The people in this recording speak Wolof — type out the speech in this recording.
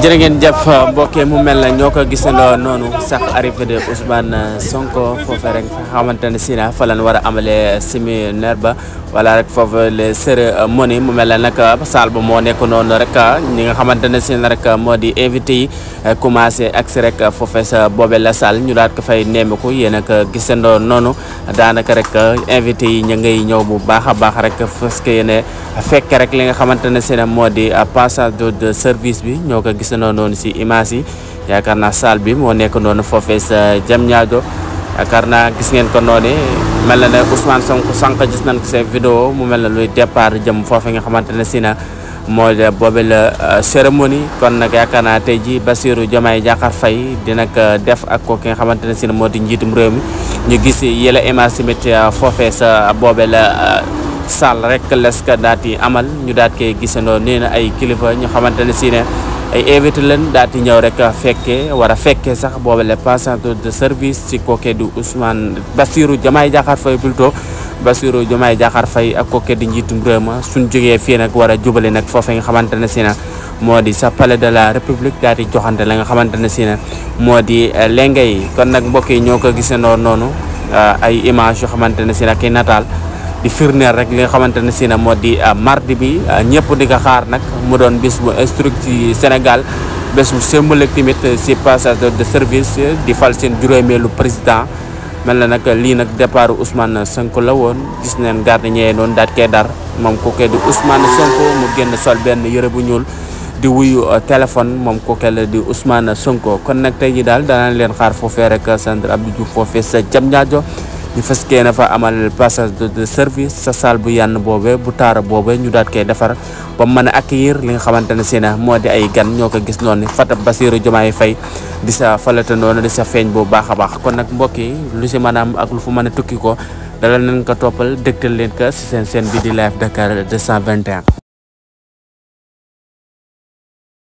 jërë ngeen jëf mbokkee mu mel na ñoo ko gisandoo noonu sax arrivé de Ousmane Sonko foofee rek xamante ne si na fa lañ war a amalee séminaire ba wala rek foofu le mu mel na nag saal moo nekk noonu rek ñi nga xamante ne si na rek moo di invité yi eh, commencé ak si rek foofee sa boobe la saal ñu daat ko fay nemmeeku yéen ak gisandoo noonu daanaka rek invité yi ñu ngay ñëw bu baax a baax rek parce que fekk rek li nga xamante ne si na moo di passage de service bi ñoo ko gis gis na noonu si image yi yaakaar naa salle bi moo nekk noonu foofee sa jam ñaajo yaakaar naa gis ngeen ko noonu mel na ne Ousmane Sonko sànq gis nañ ko vidéo mu mel na luy départ jëm foofee nga xamante ne si na moo boobe la euh, cérémonie kon nag yaakaar naa tey ji Bassirou Diomaye Diakhar Faye dina ko def ak ko ki nga xamante ne si na moo mi ñu gis yële image tamit euh, foofee sa boobe euh, sal rek les dati amal ñu dat ke gisandoo nee na ay kilifa ñu xamante ne ay invité leen daal di ñëw rek fekkee war a fekkee sax boobale passation de service si kooke di Ousmane Bassirou Diomaye Diakhar Faye plutôt Bassirou Diomaye Diakhar Faye ak kooke di njiitum réew ma suñ jógee fii nag war a jubali nag foofee nga xamante ne si na moo di sa pale de la république daal di joxante la nga xamante ne si na moo di eh, lenge yi kon nag mbokk yi ñoo ko gisandoo noonu eh, ay image yoo xamante ne si na ki nataal di firndeel rek li nga xamante ne si na moo di euh, mardi bi euh, ñëpp di ko xaar nag mu doon bis bu instruct ci Sénégal bés bu symbolique tamit euh, si passage de service di fal seen juróomeelu président mel na nag lii nag départ Ousmane Sonko la woon gis neen garde ñëwee noonu daal koy dar moom kookee di Ousmane Sonko mu génn sol benn yëre bu ñuul di wuyu téléphone moom kookee la di Ousmane Sonko kon nag tey ji daal danaan leen xaar foofee rek centre Abdou Diouf foofee sa jam ñaajo ñu fas yéene fa amal passage de service sa salle bu yànn boobee bu taara boobee ñu daat kee defar ba mën a accueillir li nga xamante ne si ne moo di ay gan ñoo ko gis noonu fata Bassirou Diomaye Faye di sa falata noonu di sa feeñ bu baax a baax kon nag mbokk yi lu si maanaam ak lu fu mën a tukki ko dalal nañ ko toppal dégtal leen ko si seen seen bi di live Dakar 221